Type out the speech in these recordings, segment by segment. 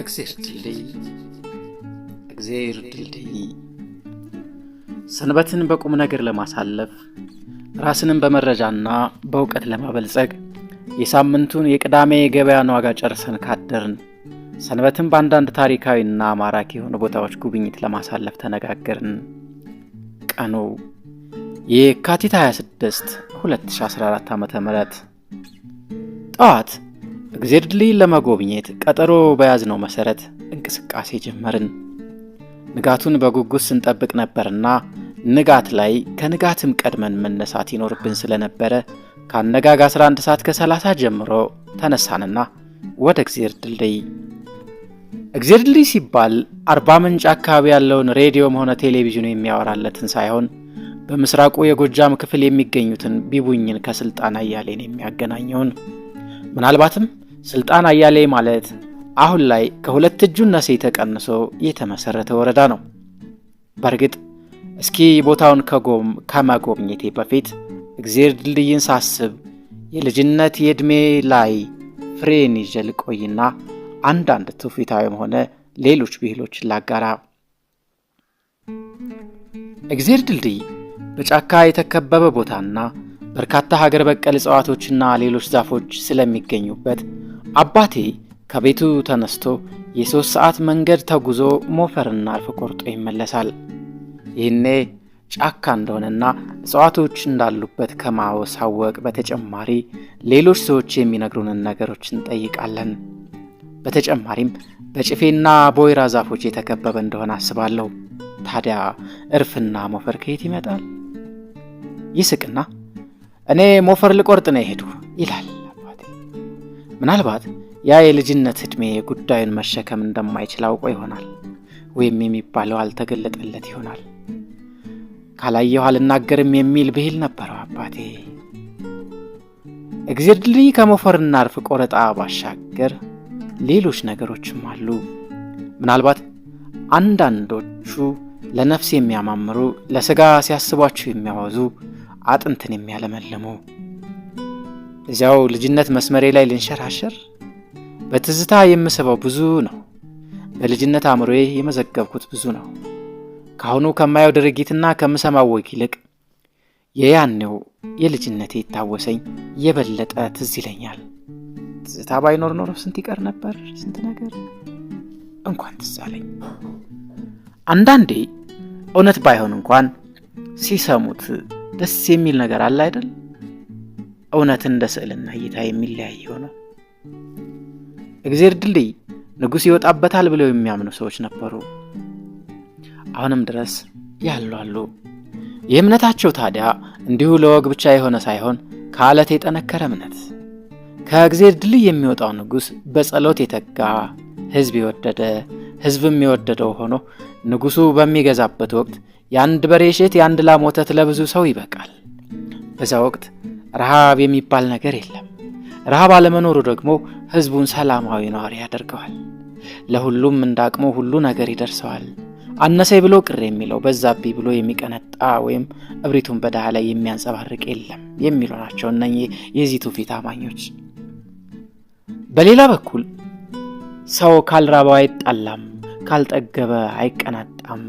እግዚአብሔር ድልድይ እግዚአብሔር ድልድይ ሰንበትን በቁም ነገር ለማሳለፍ ራስንም በመረጃና በእውቀት ለማበልጸግ የሳምንቱን የቅዳሜ የገበያን ዋጋ ጨርሰን ካደርን ሰንበትን በአንዳንድ ታሪካዊና ማራኪ የሆኑ ቦታዎች ጉብኝት ለማሳለፍ ተነጋገርን። ቀኑ የካቲት 26 2014 ዓ ም ጠዋት እግዜር ለመጎብኘት ቀጠሮ በያዝነው መሰረት እንቅስቃሴ ጀመርን። ንጋቱን በጉጉት ስንጠብቅ ነበርና ንጋት ላይ ከንጋትም ቀድመን መነሳት ይኖርብን ስለነበረ ከአነጋጋ 11 ሰዓት ከ30 ጀምሮ ተነሳንና ወደ እግዜር ድልድይ እግዜር ድልድይ ሲባል አርባ ምንጭ አካባቢ ያለውን ሬዲዮም ሆነ ቴሌቪዥኑ የሚያወራለትን ሳይሆን በምስራቁ የጎጃም ክፍል የሚገኙትን ቢቡኝን ከስልጣና አያሌን የሚያገናኘውን ምናልባትም ስልጣን አያሌ ማለት አሁን ላይ ከሁለት እጁና ሴ ተቀንሶ የተመሰረተ ወረዳ ነው። በእርግጥ እስኪ ቦታውን ከጎም ከመጎብኘቴ በፊት እግዜር ድልድይን ሳስብ የልጅነት የዕድሜ ላይ ፍሬን ይዤ ልቆይና አንዳንድ ትውፊታዊም ሆነ ሌሎች ብሂሎችን ላጋራ። እግዜር ድልድይ በጫካ የተከበበ ቦታና በርካታ ሀገር በቀል እጽዋቶችና ሌሎች ዛፎች ስለሚገኙበት አባቴ ከቤቱ ተነስቶ የሦስት ሰዓት መንገድ ተጉዞ ሞፈርና አልፎ ቆርጦ ይመለሳል። ይህኔ ጫካ እንደሆነና እጽዋቶች እንዳሉበት ከማወሳወቅ በተጨማሪ ሌሎች ሰዎች የሚነግሩንን ነገሮች እንጠይቃለን። በተጨማሪም በጭፌና በወይራ ዛፎች የተከበበ እንደሆነ አስባለሁ። ታዲያ እርፍና ሞፈር ከየት ይመጣል? ይስቅና እኔ ሞፈር ልቆርጥ ነው የሄዱ ይላል። ምናልባት ያ የልጅነት ዕድሜ ጉዳዩን መሸከም እንደማይችል አውቆ ይሆናል፣ ወይም የሚባለው አልተገለጠለት ይሆናል። ካላየሁ አልናገርም የሚል ብሂል ነበረው አባቴ። እግዜር ድልድይ ከሞፈርና ቆረጣ ባሻገር ሌሎች ነገሮችም አሉ። ምናልባት አንዳንዶቹ ለነፍስ የሚያማምሩ፣ ለሥጋ ሲያስቧችሁ የሚያወዙ፣ አጥንትን የሚያለመልሙ እዚያው ልጅነት መስመሬ ላይ ልንሸራሸር በትዝታ የምስበው ብዙ ነው። በልጅነት አእምሮዬ የመዘገብኩት ብዙ ነው። ካአሁኑ ከማየው ድርጊትና ከምሰማው ወግ ይልቅ የያኔው የልጅነቴ ይታወሰኝ የበለጠ ትዝ ይለኛል። ትዝታ ባይኖር ኖሮ ስንት ይቀር ነበር፣ ስንት ነገር እንኳን ትዛለኝ አለኝ። አንዳንዴ እውነት ባይሆን እንኳን ሲሰሙት ደስ የሚል ነገር አለ አይደል? እውነት እንደ ስዕልና እይታ የሚለያይ ሆነው እግዜር ድልድይ ንጉሥ ይወጣበታል ብለው የሚያምኑ ሰዎች ነበሩ። አሁንም ድረስ ያሉ አሉ። የእምነታቸው ታዲያ እንዲሁ ለወግ ብቻ የሆነ ሳይሆን ከአለት የጠነከረ እምነት ከእግዜር ድልድይ የሚወጣው ንጉሥ በጸሎት የተጋ ሕዝብ የወደደ ሕዝብም የወደደው ሆኖ ንጉሡ በሚገዛበት ወቅት የአንድ በሬ ሽት የአንድ ላም ወተት ለብዙ ሰው ይበቃል። በዛ ወቅት ረሃብ የሚባል ነገር የለም። ረሃብ አለመኖሩ ደግሞ ህዝቡን ሰላማዊ ነዋሪ ያደርገዋል። ለሁሉም እንዳቅሞ ሁሉ ነገር ይደርሰዋል። አነሰይ ብሎ ቅር የሚለው በዛቢ ብሎ የሚቀነጣ ወይም እብሪቱን በድሃ ላይ የሚያንጸባርቅ የለም የሚሉ ናቸው እነኚህ የዚህ ትውፊት አማኞች። በሌላ በኩል ሰው ካልራበው አይጣላም፣ ካልጠገበ አይቀናጣም፣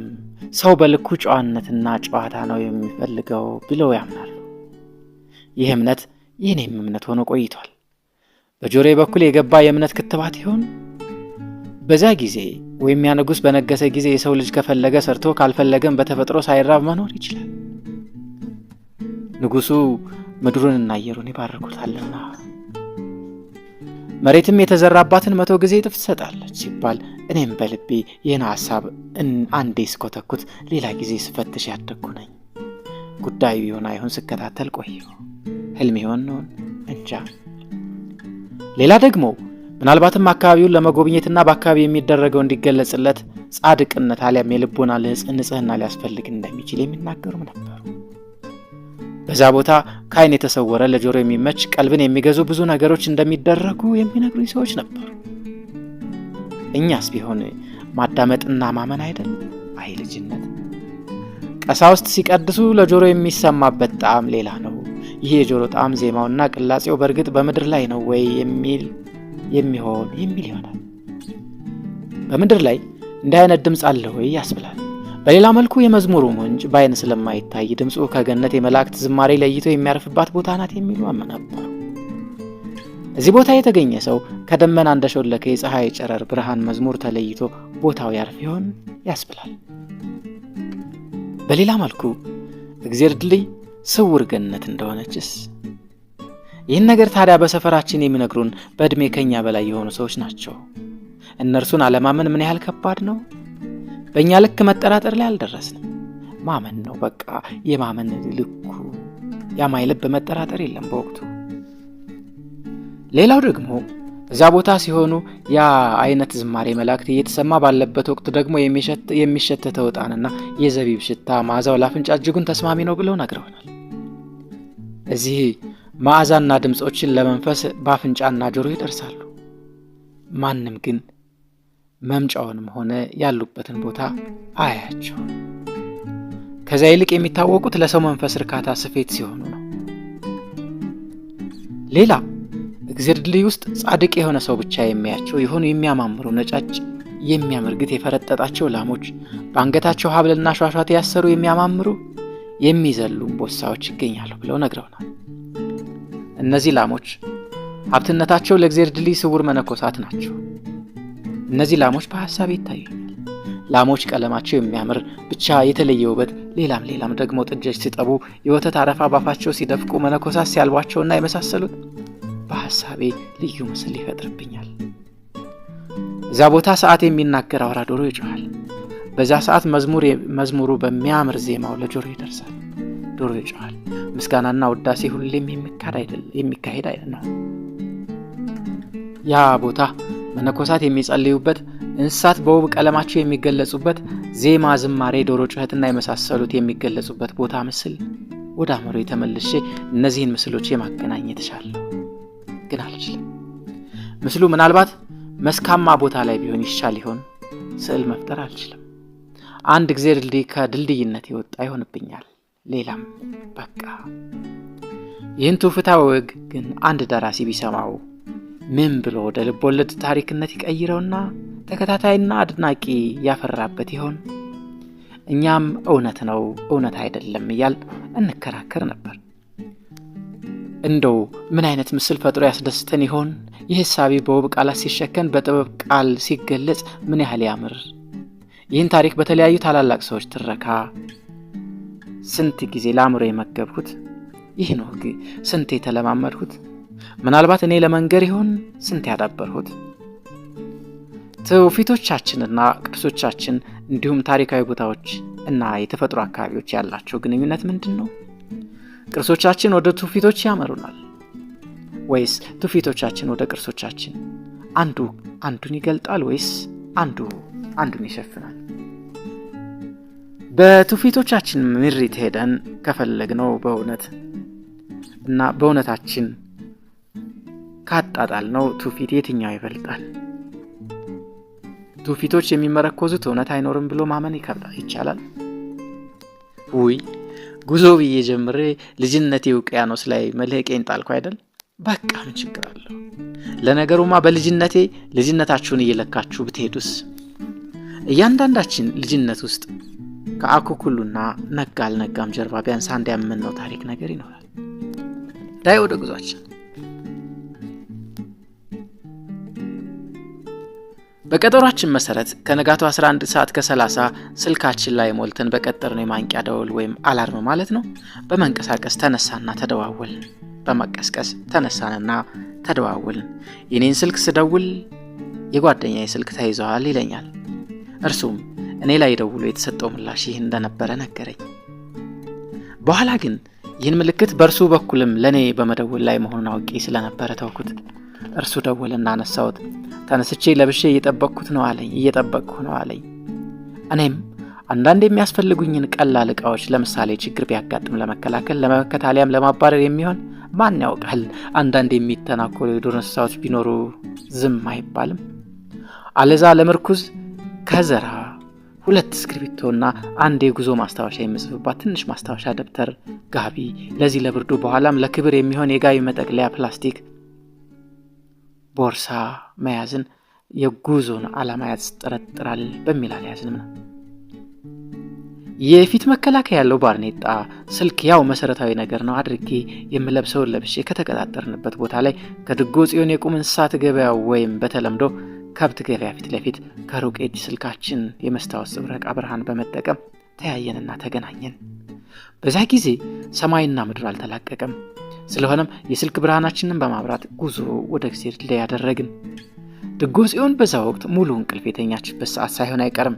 ሰው በልኩ ጨዋነትና ጨዋታ ነው የሚፈልገው ብለው ያምናል። ይህ እምነት የእኔም እምነት ሆኖ ቆይቷል። በጆሮዬ በኩል የገባ የእምነት ክትባት ይሆን? በዚያ ጊዜ ወይም ያ ንጉሥ በነገሰ ጊዜ የሰው ልጅ ከፈለገ ሰርቶ ካልፈለገም በተፈጥሮ ሳይራብ መኖር ይችላል። ንጉሡ ምድሩን እናየሩን ይባርኩታልና መሬትም የተዘራባትን መቶ ጊዜ እጥፍ ትሰጣለች ሲባል እኔም በልቤ ይህን ሐሳብ አንዴ ስኮተኩት ሌላ ጊዜ ስፈትሽ ያደግኩ ነኝ። ጉዳዩ ይሆን አይሆን ስከታተል ቆየሁ። ህልም ይሆን ነውን? እንጃ። ሌላ ደግሞ ምናልባትም አካባቢውን ለመጎብኘትና በአካባቢ የሚደረገው እንዲገለጽለት ጻድቅነት አሊያም የልቦና ንጽህና ሊያስፈልግ እንደሚችል የሚናገሩም ነበሩ። በዛ ቦታ ከአይን የተሰወረ ለጆሮ የሚመች ቀልብን የሚገዙ ብዙ ነገሮች እንደሚደረጉ የሚነግሩ ሰዎች ነበሩ። እኛስ ቢሆን ማዳመጥና ማመን አይደል? አይ ልጅነት። ቀሳውስት ሲቀድሱ ለጆሮ የሚሰማበት ጣም ሌላ ነው። ይህ የጆሮ ጣዕም እና ቅላጼው በእርግጥ በምድር ላይ ነው ወይ የሚል የሚሆን የሚል ይሆናል። በምድር ላይ እንዲህ አይነት ድምፅ አለ ወይ ያስብላል። በሌላ መልኩ የመዝሙሩ ምንጭ በአይን ስለማይታይ ድምፁ ከገነት የመላእክት ዝማሬ ለይቶ የሚያርፍባት ቦታ ናት የሚሉ አመናበሩ። እዚህ ቦታ የተገኘ ሰው ከደመና እንደሾለከ የፀሐይ ጨረር ብርሃን መዝሙር ተለይቶ ቦታው ያርፍ ይሆን ያስብላል። በሌላ መልኩ እግዜር ስውር ገነት እንደሆነችስ? ይህን ነገር ታዲያ በሰፈራችን የሚነግሩን በዕድሜ ከኛ በላይ የሆኑ ሰዎች ናቸው። እነርሱን አለማመን ምን ያህል ከባድ ነው። በእኛ ልክ መጠራጠር ላይ አልደረስንም። ማመን ነው በቃ የማመን ልኩ። ያማይ ልብ መጠራጠር የለም በወቅቱ። ሌላው ደግሞ እዛ ቦታ ሲሆኑ ያ አይነት ዝማሬ መላእክት እየተሰማ ባለበት ወቅት ደግሞ የሚሸተተው ዕጣንና የዘቢብ ሽታ መዓዛው ላፍንጫ እጅጉን ተስማሚ ነው ብለው ነግረውናል። እዚህ መዓዛና ድምፆችን ለመንፈስ በአፍንጫና ጆሮ ይደርሳሉ። ማንም ግን መምጫውንም ሆነ ያሉበትን ቦታ አያቸው ከዚያ ይልቅ የሚታወቁት ለሰው መንፈስ እርካታ ስፌት ሲሆኑ ነው። ሌላ እግዜር ድልይ ውስጥ ጻድቅ የሆነ ሰው ብቻ የሚያቸው የሆኑ የሚያማምሩ ነጫጭ የሚያምር የፈረጠጣቸው ላሞች፣ በአንገታቸው ሀብልና ሸሸት ያሰሩ የሚያማምሩ የሚዘሉ ቦሳዎች ይገኛሉ ብለው ነግረውናል። እነዚህ ላሞች ሀብትነታቸው ለእግዜር ድልድይ ስውር መነኮሳት ናቸው። እነዚህ ላሞች በሐሳብ ይታያል። ላሞች ቀለማቸው የሚያምር ብቻ የተለየ ውበት፣ ሌላም ሌላም ደግሞ ጥጃች ሲጠቡ፣ የወተት አረፋ ባፋቸው ሲደፍቁ፣ መነኮሳት ሲያልቧቸውና የመሳሰሉት በሀሳቤ ልዩ ምስል ይፈጥርብኛል። እዚያ ቦታ ሰዓት የሚናገር አውራ ዶሮ ይጮኋል። በዚያ ሰዓት መዝሙሩ በሚያምር ዜማው ለጆሮ ይደርሳል፣ ዶሮ ይጨዋል ምስጋናና ውዳሴ ሁሌም የሚካሄድ ነው። ያ ቦታ መነኮሳት የሚጸልዩበት፣ እንስሳት በውብ ቀለማቸው የሚገለጹበት፣ ዜማ፣ ዝማሬ፣ ዶሮ ጩኸትና የመሳሰሉት የሚገለጹበት ቦታ ምስል ወደ አምሮ የተመልሼ እነዚህን ምስሎች የማገናኘት እሻለሁ፣ ግን አልችልም። ምስሉ ምናልባት መስካማ ቦታ ላይ ቢሆን ይሻል ይሆን? ስዕል መፍጠር አልችልም። አንድ ጊዜ ድልድይ ከድልድይነት የወጣ ይሆንብኛል። ሌላም በቃ ይህን ትውፊታዊ ወግ ግን አንድ ደራሲ ቢሰማው ምን ብሎ ወደ ልቦለድ ታሪክነት ይቀይረውና ተከታታይና አድናቂ ያፈራበት ይሆን? እኛም እውነት ነው እውነት አይደለም እያል እንከራከር ነበር። እንደው ምን አይነት ምስል ፈጥሮ ያስደስተን ይሆን? ይህ ሳቢ በውብ ቃላት ሲሸከን፣ በጥበብ ቃል ሲገለጽ ምን ያህል ያምር ይህን ታሪክ በተለያዩ ታላላቅ ሰዎች ትረካ ስንት ጊዜ ለአእምሮ የመገብሁት ይህ ነው ህግ፣ ስንት የተለማመድሁት ምናልባት እኔ ለመንገር ይሆን ስንት ያዳበርሁት። ትውፊቶቻችንና ቅርሶቻችን እንዲሁም ታሪካዊ ቦታዎች እና የተፈጥሮ አካባቢዎች ያላቸው ግንኙነት ምንድን ነው? ቅርሶቻችን ወደ ትውፊቶች ያመሩናል ወይስ ትውፊቶቻችን ወደ ቅርሶቻችን? አንዱ አንዱን ይገልጣል ወይስ አንዱ አንዱን ይሸፍናል? በትውፊቶቻችን ምሪት ሄደን ከፈለግነው በእውነት እና በእውነታችን ነው ትውፊት የትኛው ይበልጣል? ትውፊቶች የሚመረኮዙት እውነት አይኖርም ብሎ ማመን ይቻላል? ውይ ጉዞ ብዬ ጀምሬ ልጅነቴ ውቅያኖስ ላይ መልህቄን ጣልኩ አይደል? በቃ ምን ችግር አለሁ? ለነገሩማ በልጅነቴ ልጅነታችሁን እየለካችሁ ብትሄዱስ? እያንዳንዳችን ልጅነት ውስጥ ከአኩኩሉና ነጋ አልነጋም ጀርባ ቢያንስ አንድ ያመነው ታሪክ ነገር ይኖራል። ዳይ ወደ ጉዟችን። በቀጠሯችን መሰረት ከንጋቱ 11 ሰዓት ከ30 ስልካችን ላይ ሞልተን በቀጠርነው የማንቂያ ደወል ወይም አላርም ማለት ነው በመንቀሳቀስ ተነሳና ተደዋወልን። በመቀስቀስ ተነሳንና ተደዋወልን። የኔን ስልክ ስደውል የጓደኛ ስልክ ተይዘዋል ይለኛል። እርሱም እኔ ላይ ደውሎ የተሰጠው ምላሽ ይህ እንደነበረ ነገረኝ። በኋላ ግን ይህን ምልክት በእርሱ በኩልም ለእኔ በመደወል ላይ መሆኑን አውቄ ስለነበረ ተውኩት። እርሱ ደወልና እናነሳውት ተነስቼ ለብሼ እየጠበቅኩት ነው አለኝ እየጠበቅኩ ነው አለኝ። እኔም አንዳንድ የሚያስፈልጉኝን ቀላል እቃዎች ለምሳሌ ችግር ቢያጋጥም ለመከላከል ለመመከት አሊያም ለማባረር የሚሆን ማን ያውቃል፣ አንዳንድ የሚተናኮሉ የዱር እንስሳዎች ቢኖሩ ዝም አይባልም፣ አለዛ ለምርኩዝ ከዘራ ሁለት እስክሪብቶና አንድ የጉዞ ማስታወሻ የምጽፍባት ትንሽ ማስታወሻ ደብተር፣ ጋቢ፣ ለዚህ ለብርዱ በኋላም ለክብር የሚሆን የጋቢ መጠቅለያ ፕላስቲክ ቦርሳ መያዝን የጉዞን አላማ ያስጠረጥራል በሚል አልያዝንም ነው። የፊት መከላከያ ያለው ባርኔጣ፣ ስልክ ያው መሰረታዊ ነገር ነው አድርጌ የምለብሰውን ለብሼ ከተቀጣጠርንበት ቦታ ላይ ከድጎ ጽዮን የቁም እንስሳት ገበያ ወይም በተለምዶ ከብት ገበያ ፊት ለፊት ከሩቅ የእጅ ስልካችን የመስታወት ጽብረቃ ብርሃን በመጠቀም ተያየንና ተገናኘን። በዛ ጊዜ ሰማይና ምድር አልተላቀቀም። ስለሆነም የስልክ ብርሃናችንን በማብራት ጉዞ ወደ እግዚአብሔር ያደረግን። ድጎ ሲሆን በዛ ወቅት ሙሉ እንቅልፍ የተኛችበት ሰዓት ሳይሆን አይቀርም።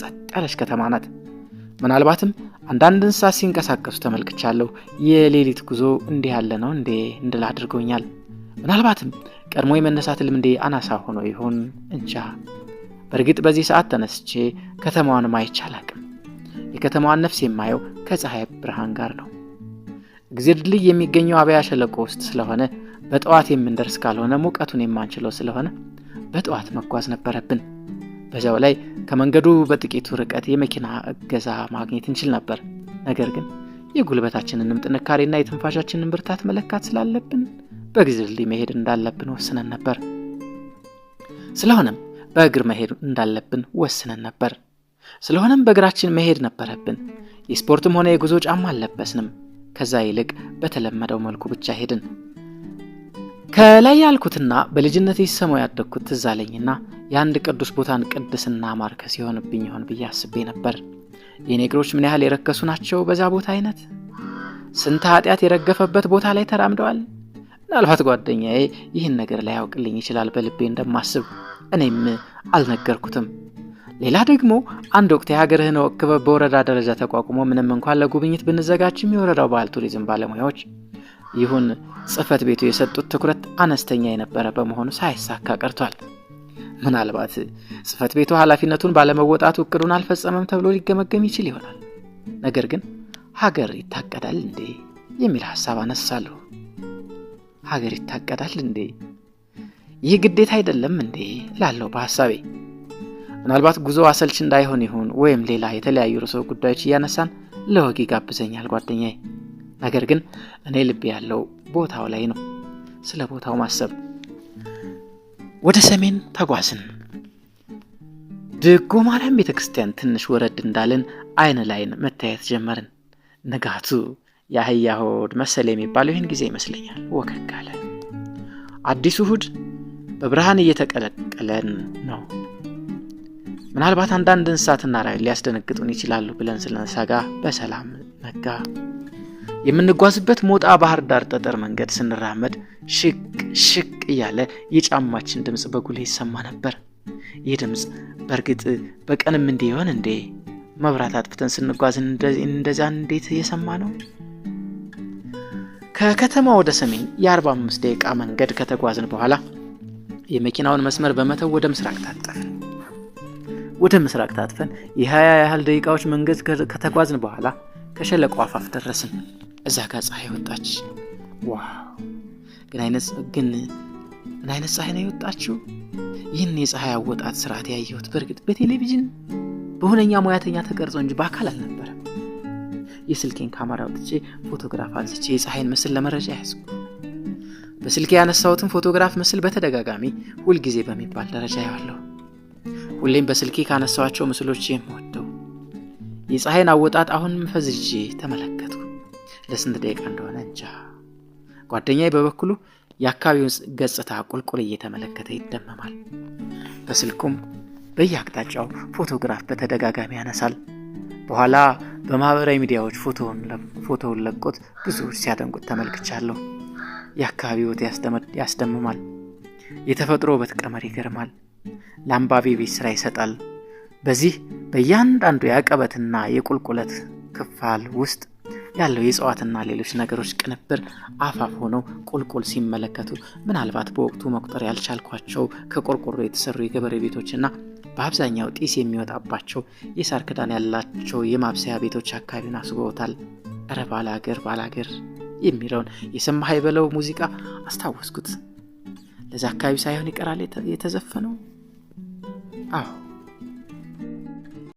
ጸጥ ያለች ከተማ ናት። ምናልባትም አንዳንድ እንስሳት ሲንቀሳቀሱ ተመልክቻለሁ። የሌሊት ጉዞ እንዲህ ያለ ነው እንዴ እንድል አድርጎኛል። ምናልባትም ቀድሞ የመነሳት ልምዴ አናሳ ሆኖ ይሆን እንጃ። በእርግጥ በዚህ ሰዓት ተነስቼ ከተማዋን ማየት አላቅም። የከተማዋን ነፍስ የማየው ከፀሐይ ብርሃን ጋር ነው። እግዜር የሚገኘው አበያ ሸለቆ ውስጥ ስለሆነ በጠዋት የምንደርስ ካልሆነ ሙቀቱን የማንችለው ስለሆነ በጠዋት መጓዝ ነበረብን። በዚያው ላይ ከመንገዱ በጥቂቱ ርቀት የመኪና እገዛ ማግኘት እንችል ነበር። ነገር ግን የጉልበታችንንም ጥንካሬና የትንፋሻችንን ብርታት መለካት ስላለብን በግዝልዲ መሄድ እንዳለብን ወስነን ነበር። ስለሆነም በእግር መሄድ እንዳለብን ወስነን ነበር። ስለሆነም በእግራችን መሄድ ነበረብን። የስፖርትም ሆነ የጉዞ ጫማ አልለበስንም። ከዛ ይልቅ በተለመደው መልኩ ብቻ ሄድን። ከላይ ያልኩትና በልጅነት ሲሰማው ያደግኩት ትዝ አለኝና የአንድ ቅዱስ ቦታን ቅድስና ማርከስ ሲሆንብኝ ይሆን ብዬ አስቤ ነበር። የኔግሮች ምን ያህል የረከሱ ናቸው? በዛ ቦታ አይነት ስንት ኃጢአት የረገፈበት ቦታ ላይ ተራምደዋል። ምናልባት ጓደኛዬ ይህን ነገር ላያውቅልኝ ይችላል በልቤ እንደማስብ እኔም አልነገርኩትም። ሌላ ደግሞ አንድ ወቅት የሀገርህን ወክበ በወረዳ ደረጃ ተቋቁሞ ምንም እንኳን ለጉብኝት ብንዘጋጅም የወረዳው ባህል ቱሪዝም ባለሙያዎች ይሁን ጽህፈት ቤቱ የሰጡት ትኩረት አነስተኛ የነበረ በመሆኑ ሳይሳካ ቀርቷል። ምናልባት ጽፈት ቤቱ ኃላፊነቱን ባለመወጣቱ እቅዱን አልፈጸመም ተብሎ ሊገመገም ይችል ይሆናል። ነገር ግን ሀገር ይታቀዳል እንዴ የሚል ሀሳብ አነሳለሁ። ሀገር ይታቀዳል እንዴ? ይህ ግዴታ አይደለም እንዴ? እላለሁ በሀሳቤ። ምናልባት ጉዞ አሰልች እንዳይሆን ይሆን ወይም ሌላ የተለያዩ ርዕሰ ጉዳዮች እያነሳን ለወግ ይጋብዘኛል ጓደኛዬ። ነገር ግን እኔ ልብ ያለው ቦታው ላይ ነው። ስለ ቦታው ማሰብ። ወደ ሰሜን ተጓዝን። ድጎ ማርያም ቤተ ክርስቲያን ትንሽ ወረድ እንዳለን አይን ላይን መታየት ጀመርን። ንጋቱ የአህያ ሆድ መሰለ የሚባለው ይህን ጊዜ ይመስለኛል። ወከክ አለ። አዲሱ እሁድ በብርሃን እየተቀለቀለን ነው። ምናልባት አንዳንድ እንስሳትና ራዕይ ሊያስደነግጡን ይችላሉ ብለን ስለነሳጋ በሰላም ነጋ። የምንጓዝበት ሞጣ ባህር ዳር ጠጠር መንገድ ስንራመድ ሽቅ ሽቅ እያለ የጫማችን ድምፅ በጉልህ ይሰማ ነበር። ይህ ድምፅ በእርግጥ በቀንም እንዲህ ይሆን እንዴ? መብራት አጥፍተን ስንጓዝ እንደዚያ እንዴት እየሰማ ነው? ከከተማ ወደ ሰሜን የ45 ደቂቃ መንገድ ከተጓዝን በኋላ የመኪናውን መስመር በመተው ወደ ምስራቅ ታጠፍን። ወደ ምስራቅ ታጥፈን የ20 ያህል ደቂቃዎች መንገድ ከተጓዝን በኋላ ከሸለቆ አፋፍ ደረስን። እዛ ጋር ፀሐይ ወጣች። ግን ምን አይነት ፀሐይ ነው የወጣችው! ይህን የፀሐይ አወጣት ስርዓት ያየሁት በእርግጥ በቴሌቪዥን በሁነኛ ሙያተኛ ተቀርጾ እንጂ በአካል አልነበር። የስልኬን ካሜራ ወጥቼ ፎቶግራፍ አንስቼ የፀሐይን ምስል ለመረጃ ያዝኩ። በስልኬ ያነሳሁትን ፎቶግራፍ ምስል በተደጋጋሚ ሁልጊዜ በሚባል ደረጃ ያዋለሁ። ሁሌም በስልኬ ካነሳቸው ምስሎች የምወደው የፀሐይን አወጣት አሁንም ፈዝዤ ተመለከቱ? ለስንት ደቂቃ እንደሆነ እንጃ። ጓደኛዬ በበኩሉ የአካባቢውን ገጽታ ቁልቁል እየተመለከተ ይደመማል። በስልኩም በየአቅጣጫው ፎቶግራፍ በተደጋጋሚ ያነሳል። በኋላ በማህበራዊ ሚዲያዎች ፎቶውን ለቆት ብዙዎች ሲያደንቁት ተመልክቻለሁ። የአካባቢ ውበት ያስደምማል። የተፈጥሮ ውበት ቀመር ይገርማል። ለአንባቢ ቤት ስራ ይሰጣል። በዚህ በእያንዳንዱ የአቀበትና የቁልቁለት ክፋል ውስጥ ያለው የእጽዋትና ሌሎች ነገሮች ቅንብር አፋፍ ሆነው ቁልቁል ሲመለከቱ ምናልባት በወቅቱ መቁጠር ያልቻልኳቸው ከቆርቆሮ የተሰሩ የገበሬ ቤቶችና በአብዛኛው ጢስ የሚወጣባቸው የሳር ክዳን ያላቸው የማብሰያ ቤቶች አካባቢውን አስውበውታል። እረ ባላገር ባላገር የሚለውን የሰማ ሀይበለው ሙዚቃ አስታወስኩት። ለዚ አካባቢ ሳይሆን ይቀራል የተዘፈነው። አሁ